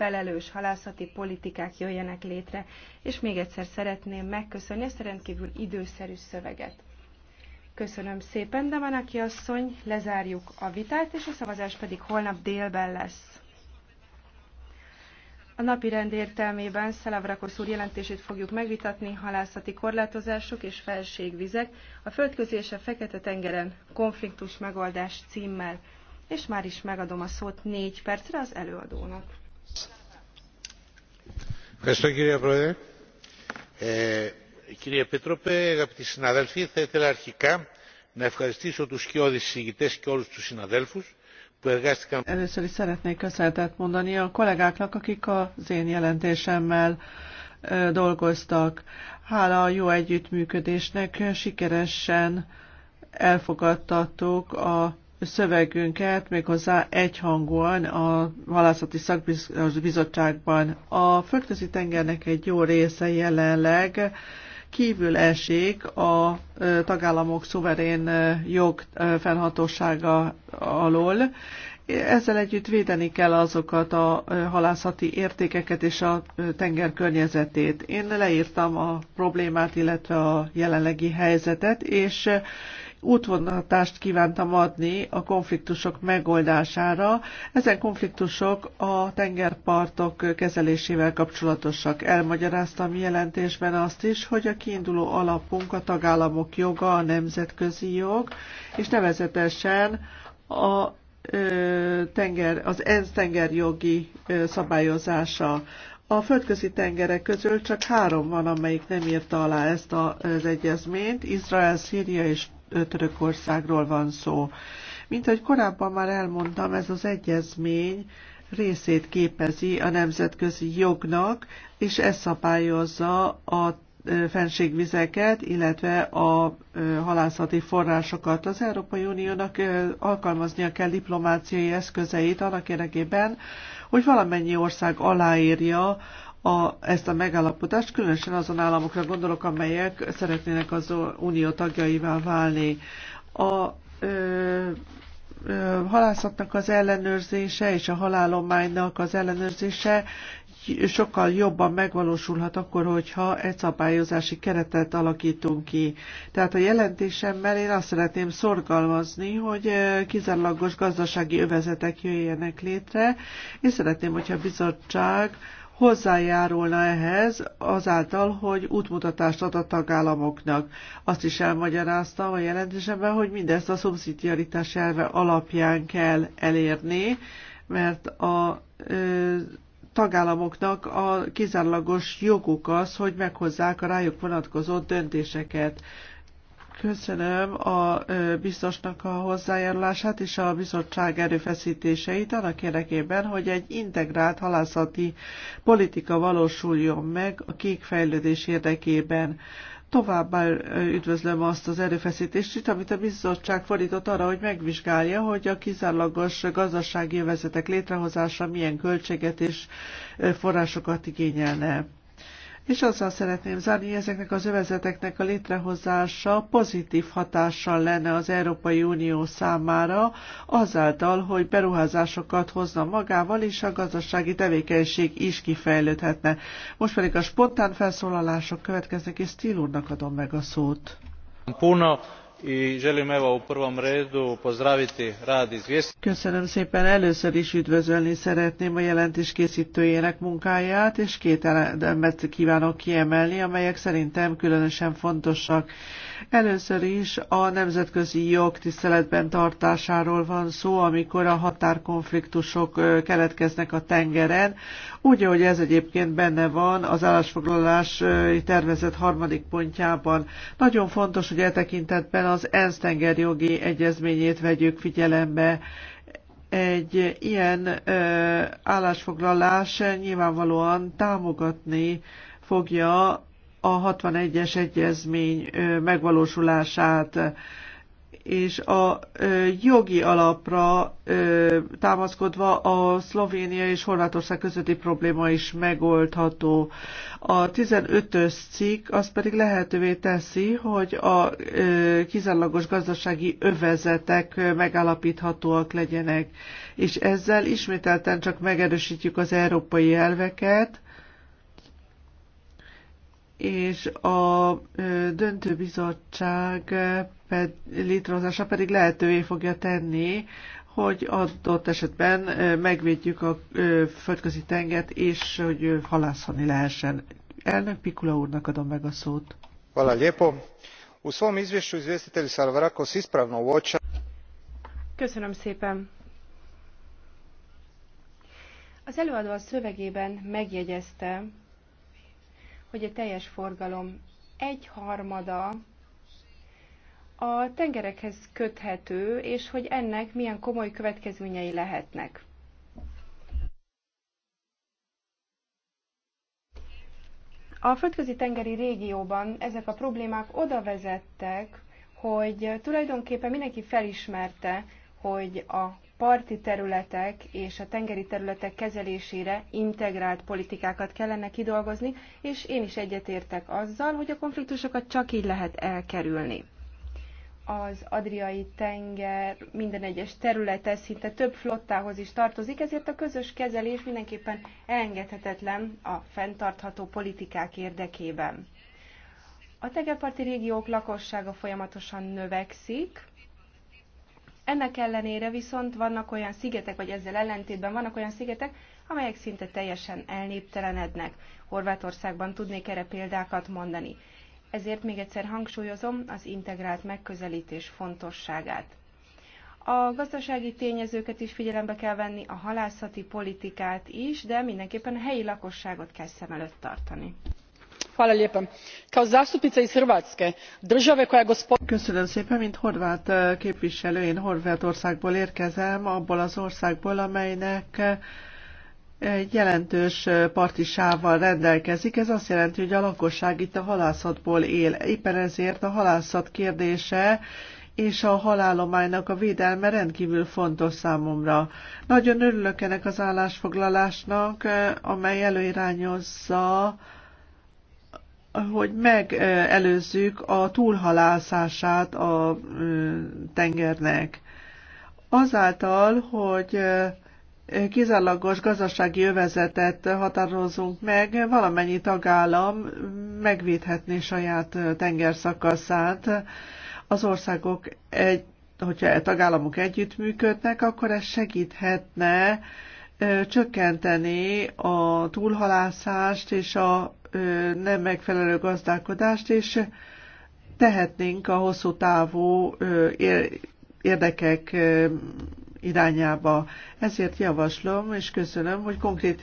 felelős halászati politikák jöjjenek létre. És még egyszer szeretném megköszönni ezt a rendkívül időszerű szöveget. Köszönöm szépen, de van aki asszony, lezárjuk a vitát, és a szavazás pedig holnap délben lesz. A napi rend értelmében Szelavrakosz úr jelentését fogjuk megvitatni, halászati korlátozások és felségvizek, a földközi és a Fekete-tengeren konfliktus megoldás címmel. És már is megadom a szót négy percre az előadónak κύριε επίτροπε αγαπητοί συνάδελφοι θα ήθελα αρχικά να ευχαριστήσω τους σκιώδεις εισηγητές και όλους τους συναδέλφους που εργάστηκαν. Először is szeretnék köszönetet mondani a kollégáknak, akik az én jelentésemmel dolgoztak. Hála a jó együttműködésnek sikeresen elfogadtattuk a szövegünket méghozzá egyhangúan a Halászati Szakbizottságban. A földközi tengernek egy jó része jelenleg kívül esik a tagállamok szuverén jog fennhatósága alól, ezzel együtt védeni kell azokat a halászati értékeket és a tenger környezetét. Én leírtam a problémát, illetve a jelenlegi helyzetet, és útvonatást kívántam adni a konfliktusok megoldására. Ezen konfliktusok a tengerpartok kezelésével kapcsolatosak. Elmagyaráztam jelentésben azt is, hogy a kiinduló alapunk a tagállamok joga, a nemzetközi jog, és nevezetesen a tenger, az ENSZ tengerjogi szabályozása. A földközi tengerek közül csak három van, amelyik nem írta alá ezt az egyezményt. Izrael, Szíria és Törökországról van szó. Mint ahogy korábban már elmondtam, ez az egyezmény részét képezi a nemzetközi jognak, és ez szabályozza a fenségvizeket, illetve a halászati forrásokat. Az Európai Uniónak alkalmaznia kell diplomáciai eszközeit annak érdekében, hogy valamennyi ország aláírja a, ezt a megállapodást, különösen azon államokra gondolok, amelyek szeretnének az unió tagjaival válni. A ö, ö, halászatnak az ellenőrzése és a halálománynak az ellenőrzése sokkal jobban megvalósulhat akkor, hogyha egy szabályozási keretet alakítunk ki. Tehát a jelentésemmel én azt szeretném szorgalmazni, hogy kizárólagos gazdasági övezetek jöjjenek létre, és szeretném, hogyha a bizottság hozzájárulna ehhez azáltal, hogy útmutatást ad a tagállamoknak. Azt is elmagyaráztam a jelentésemben, hogy mindezt a szubszidiaritás elve alapján kell elérni, mert a tagállamoknak a kizárólagos joguk az, hogy meghozzák a rájuk vonatkozó döntéseket. Köszönöm a biztosnak a hozzájárulását és a bizottság erőfeszítéseit annak érdekében, hogy egy integrált halászati politika valósuljon meg a kék fejlődés érdekében. Továbbá üdvözlöm azt az erőfeszítést itt, amit a bizottság fordított arra, hogy megvizsgálja, hogy a kizárólagos gazdasági övezetek létrehozása milyen költséget és forrásokat igényelne és azzal szeretném zárni, hogy ezeknek az övezeteknek a létrehozása pozitív hatással lenne az Európai Unió számára, azáltal, hogy beruházásokat hozna magával, és a gazdasági tevékenység is kifejlődhetne. Most pedig a spontán felszólalások következnek, és Stil adom meg a szót. Puna i želim u prvom redu pozdraviti rad izvjestitelja. Köszönöm szépen, először is üdvözölni szeretném a jelentés készítőjének munkáját, és két elemet kívánok kiemelni, amelyek szerintem különösen fontosak. Először is a nemzetközi jog tiszteletben tartásáról van szó, amikor a határkonfliktusok keletkeznek a tengeren, úgy, hogy ez egyébként benne van az állásfoglalás tervezet harmadik pontjában. Nagyon fontos, hogy e tekintetben az ENSZ tengerjogi egyezményét vegyük figyelembe, egy ilyen ö, állásfoglalás nyilvánvalóan támogatni fogja a 61-es egyezmény megvalósulását és a jogi alapra támaszkodva a Szlovénia és Horvátország közötti probléma is megoldható. A 15-ös cikk az pedig lehetővé teszi, hogy a kizárólagos gazdasági övezetek megállapíthatóak legyenek, és ezzel ismételten csak megerősítjük az európai elveket, és a döntőbizottság ped, létrehozása pedig lehetővé fogja tenni, hogy adott esetben megvédjük a földközi tengert, és hogy halászani lehessen. Elnök Pikula úrnak adom meg a szót. Hvala lépo. U svom izvješću izvjestitelj Salvarakos ispravno uoča. Köszönöm szépen. Az előadó a szövegében megjegyezte, hogy a teljes forgalom egyharmada a tengerekhez köthető, és hogy ennek milyen komoly következményei lehetnek. A földközi tengeri régióban ezek a problémák oda vezettek, hogy tulajdonképpen mindenki felismerte, hogy a parti területek és a tengeri területek kezelésére integrált politikákat kellene kidolgozni, és én is egyetértek azzal, hogy a konfliktusokat csak így lehet elkerülni. Az Adriai tenger minden egyes területe szinte több flottához is tartozik, ezért a közös kezelés mindenképpen elengedhetetlen a fenntartható politikák érdekében. A tengerparti régiók lakossága folyamatosan növekszik, ennek ellenére viszont vannak olyan szigetek, vagy ezzel ellentétben vannak olyan szigetek, amelyek szinte teljesen elnéptelenednek. Horvátországban tudnék erre példákat mondani. Ezért még egyszer hangsúlyozom az integrált megközelítés fontosságát. A gazdasági tényezőket is figyelembe kell venni, a halászati politikát is, de mindenképpen a helyi lakosságot kell szem előtt tartani gospodine predsjedniče mint horvát eh, iz hrvatske horvátországból érkezem abból az országból eh, jelentős eh, rendelkezik. Ez azt jelenti, hogy a lakosság itt a Éppen ezért a kérdése és a halálománynak a védelme rendkívül fontos számomra. Nagyon örülök ennek az állásfoglalásnak, amely előirányozza hogy megelőzzük a túlhalászását a tengernek. Azáltal, hogy kizárólagos gazdasági övezetet határozunk meg, valamennyi tagállam megvédhetné saját tengerszakaszát. Az országok egy, hogyha a e tagállamok együttműködnek, akkor ez segíthetne csökkenteni a túlhalászást és a nem megfelelő gazdálkodást, és tehetnénk a hosszú távú érdekek irányába. Ezért javaslom, és köszönöm, hogy konkrét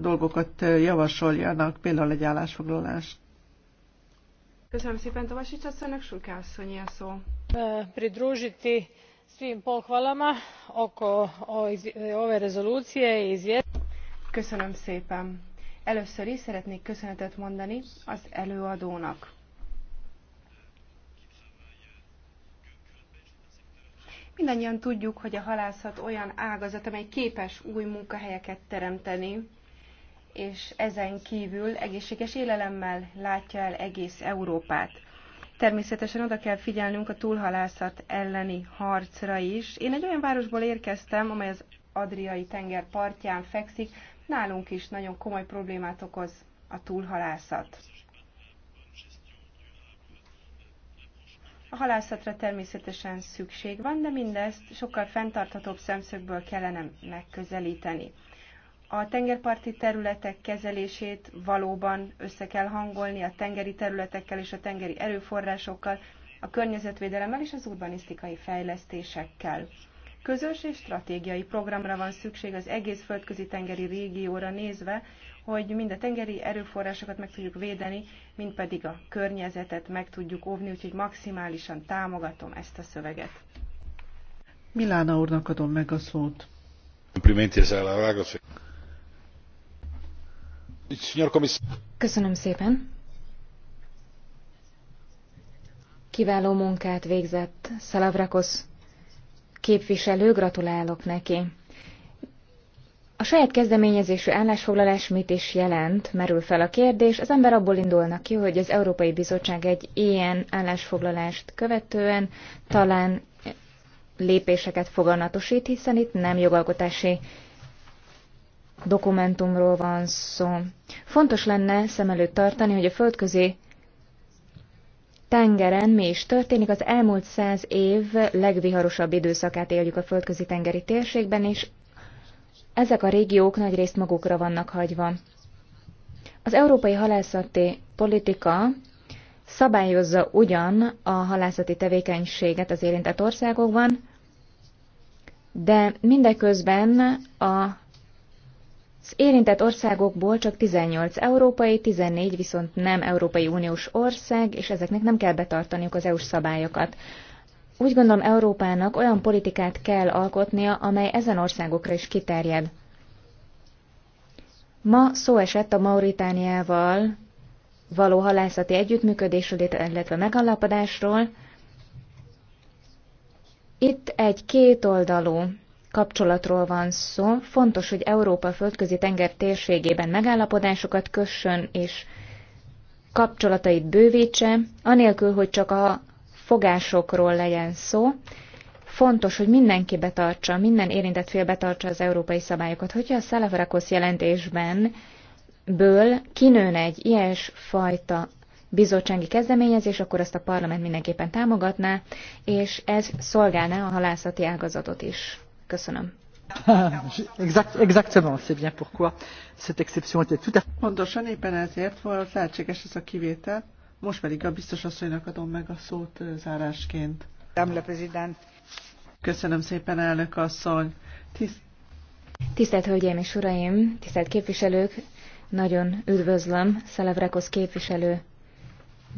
dolgokat javasoljanak, például egy állásfoglalást. Köszönöm szépen, Tavasics asszonynak, Sulke asszonyi a szó. Pridružiti svim pohvalama oko ove rezolucije i Köszönöm szépen. Először is szeretnék köszönetet mondani az előadónak. Mindannyian tudjuk, hogy a halászat olyan ágazat, amely képes új munkahelyeket teremteni, és ezen kívül egészséges élelemmel látja el egész Európát. Természetesen oda kell figyelnünk a túlhalászat elleni harcra is. Én egy olyan városból érkeztem, amely az Adriai tenger partján fekszik, nálunk is nagyon komoly problémát okoz a túlhalászat. A halászatra természetesen szükség van, de mindezt sokkal fenntarthatóbb szemszögből kellene megközelíteni. A tengerparti területek kezelését valóban össze kell hangolni a tengeri területekkel és a tengeri erőforrásokkal, a környezetvédelemmel és az urbanisztikai fejlesztésekkel. Közös és stratégiai programra van szükség az egész földközi tengeri régióra nézve, hogy mind a tengeri erőforrásokat meg tudjuk védeni, mind pedig a környezetet meg tudjuk óvni, úgyhogy maximálisan támogatom ezt a szöveget. Milána úrnak adom meg a szót. Köszönöm szépen. Kiváló munkát végzett Szalavrakosz képviselő, gratulálok neki. A saját kezdeményezésű állásfoglalás mit is jelent, merül fel a kérdés. Az ember abból indulnak ki, hogy az Európai Bizottság egy ilyen állásfoglalást követően talán lépéseket foganatosít, hiszen itt nem jogalkotási dokumentumról van szó. Fontos lenne szem előtt tartani, hogy a földközi tengeren mi is történik. Az elmúlt száz év legviharosabb időszakát éljük a földközi tengeri térségben, és ezek a régiók nagyrészt magukra vannak hagyva. Az európai halászati politika szabályozza ugyan a halászati tevékenységet az érintett országokban, de mindeközben a az érintett országokból csak 18 európai, 14 viszont nem Európai Uniós ország, és ezeknek nem kell betartaniuk az EU-s szabályokat. Úgy gondolom Európának olyan politikát kell alkotnia, amely ezen országokra is kiterjed. Ma szó esett a Mauritániával való halászati együttműködésről, illetve megállapodásról. Itt egy kétoldalú kapcsolatról van szó. Fontos, hogy Európa földközi tenger térségében megállapodásokat kössön és kapcsolatait bővítse, anélkül, hogy csak a fogásokról legyen szó. Fontos, hogy mindenki betartsa, minden érintett fél betartsa az európai szabályokat. Hogyha a Szelefrakosz jelentésben ből kinőne egy ilyesfajta bizottsági kezdeményezés, akkor ezt a parlament mindenképpen támogatná, és ez szolgálná a halászati ágazatot is. Köszönöm. Exact, exactement, c'est bien pourquoi Pontosan éppen ezért volt lehetséges ez a kivétel. Most pedig a biztos asszonynak adom meg a szót zárásként. Köszönöm szépen, elnök asszony. Tiszt... Tisztelt Hölgyeim és Uraim, tisztelt képviselők, nagyon üdvözlöm Szelevrekosz képviselő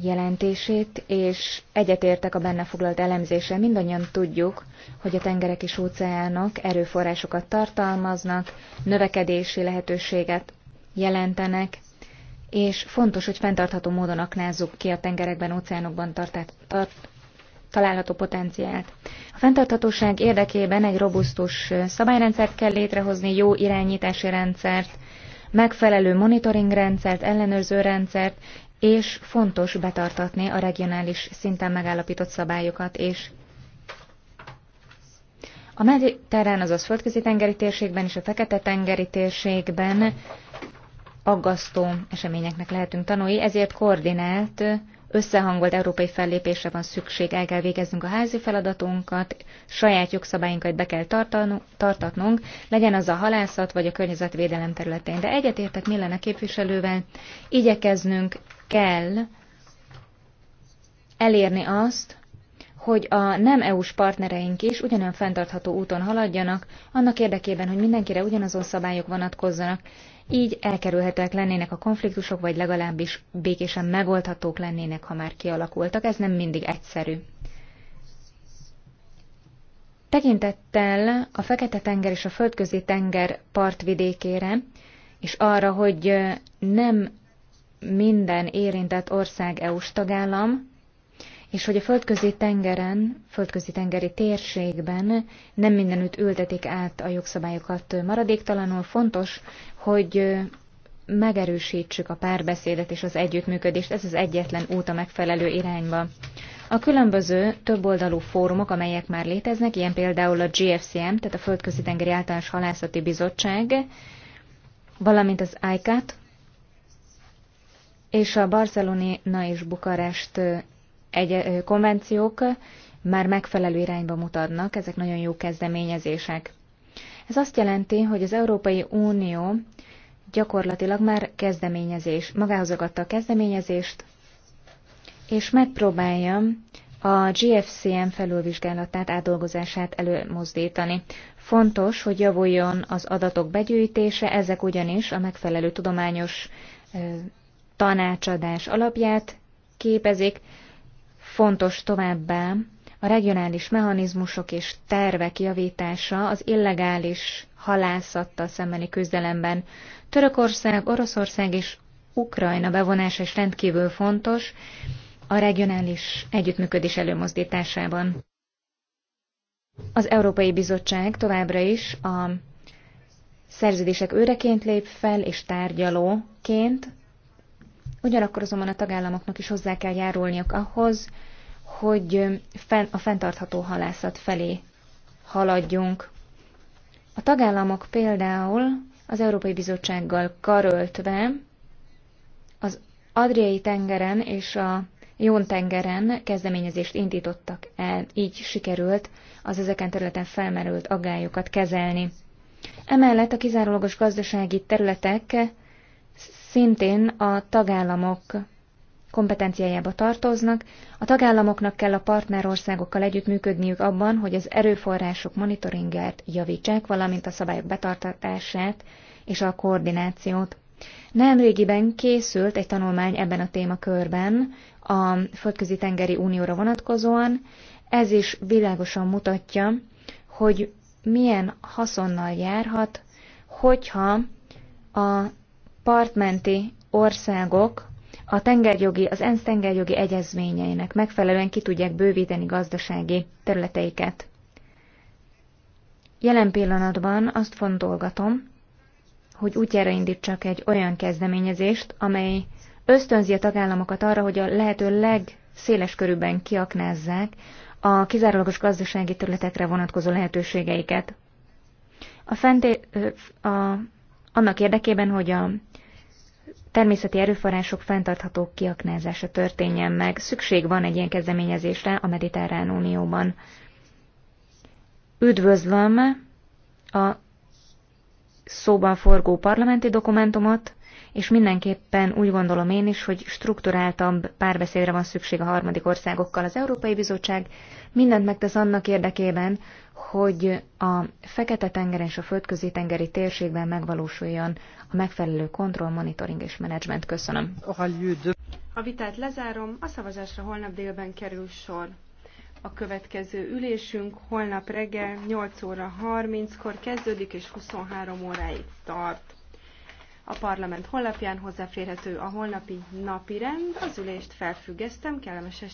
jelentését, és egyetértek a benne foglalt elemzéssel. Mindannyian tudjuk, hogy a tengerek és óceánok erőforrásokat tartalmaznak, növekedési lehetőséget jelentenek, és fontos, hogy fenntartható módon aknázzuk ki a tengerekben, óceánokban tartát, tart, található potenciált. A fenntarthatóság érdekében egy robusztus szabályrendszert kell létrehozni, jó irányítási rendszert, megfelelő monitoring rendszert, ellenőrző rendszert, és fontos betartatni a regionális szinten megállapított szabályokat és a mediterrán, azaz földközi tengeri térségben és a fekete tengeri térségben aggasztó eseményeknek lehetünk tanulni, ezért koordinált, összehangolt európai fellépésre van szükség, el kell végeznünk a házi feladatunkat, saját jogszabályunkat be kell tartatnunk, legyen az a halászat vagy a környezetvédelem területén. De egyetértek Millene képviselővel, igyekeznünk kell elérni azt, hogy a nem EU-s partnereink is ugyanolyan fenntartható úton haladjanak, annak érdekében, hogy mindenkire ugyanazon szabályok vonatkozzanak, így elkerülhetőek lennének a konfliktusok, vagy legalábbis békésen megoldhatók lennének, ha már kialakultak. Ez nem mindig egyszerű. Tekintettel a Fekete-tenger és a Földközi-tenger partvidékére, és arra, hogy nem minden érintett ország EU-s tagállam, és hogy a földközi tengeren, földközi tengeri térségben nem mindenütt ültetik át a jogszabályokat maradéktalanul, fontos, hogy megerősítsük a párbeszédet és az együttműködést, ez az egyetlen út a megfelelő irányba. A különböző többoldalú fórumok, amelyek már léteznek, ilyen például a GFCM, tehát a Földközi Tengeri Általános Halászati Bizottság, valamint az ICAT, és a Barcelona és Bukarest egy, konvenciók már megfelelő irányba mutatnak, ezek nagyon jó kezdeményezések. Ez azt jelenti, hogy az Európai Unió gyakorlatilag már kezdeményezés, magához akadta a kezdeményezést, és megpróbálja a GFCM felülvizsgálatát, átdolgozását előmozdítani. Fontos, hogy javuljon az adatok begyűjtése, ezek ugyanis a megfelelő tudományos tanácsadás alapját képezik, fontos továbbá a regionális mechanizmusok és tervek javítása az illegális halászattal szembeni küzdelemben. Törökország, Oroszország és Ukrajna bevonása is rendkívül fontos a regionális együttműködés előmozdításában. Az Európai Bizottság továbbra is a szerződések őreként lép fel és tárgyalóként Ugyanakkor azonban a tagállamoknak is hozzá kell járulniuk ahhoz, hogy a fenntartható halászat felé haladjunk. A tagállamok például az Európai Bizottsággal karöltve az Adriai tengeren és a Jón tengeren kezdeményezést indítottak el, így sikerült az ezeken területen felmerült aggályokat kezelni. Emellett a kizárólagos gazdasági területek szintén a tagállamok kompetenciájába tartoznak, a tagállamoknak kell a partnerországokkal együttműködniük abban, hogy az erőforrások monitoringját javítsák, valamint a szabályok betartatását és a koordinációt. Nemrégiben készült egy tanulmány ebben a témakörben a Földközi Tengeri Unióra vonatkozóan. Ez is világosan mutatja, hogy milyen haszonnal járhat, hogyha a partmenti országok a tengerjogi, az ENSZ tengerjogi egyezményeinek megfelelően ki tudják bővíteni gazdasági területeiket. Jelen pillanatban azt fontolgatom, hogy útjára indítsak egy olyan kezdeményezést, amely ösztönzi a tagállamokat arra, hogy a lehető legszéles körülben kiaknázzák a kizárólagos gazdasági területekre vonatkozó lehetőségeiket. A, fenté, a annak érdekében, hogy a természeti erőforrások fenntartható kiaknázása történjen meg. Szükség van egy ilyen kezdeményezésre a Mediterrán Unióban. Üdvözlöm a szóban forgó parlamenti dokumentumot, és mindenképpen úgy gondolom én is, hogy strukturáltabb párbeszédre van szükség a harmadik országokkal. Az Európai Bizottság mindent megtesz annak érdekében, hogy a Fekete-tenger és a Földközi-tengeri térségben megvalósuljon a megfelelő kontroll, monitoring és menedzsment. Köszönöm. A vitát lezárom, a szavazásra holnap délben kerül sor. A következő ülésünk holnap reggel 8 óra 30-kor kezdődik és 23 óráig tart a parlament honlapján hozzáférhető a honlapi napirend. Az ülést felfüggesztem, kellemes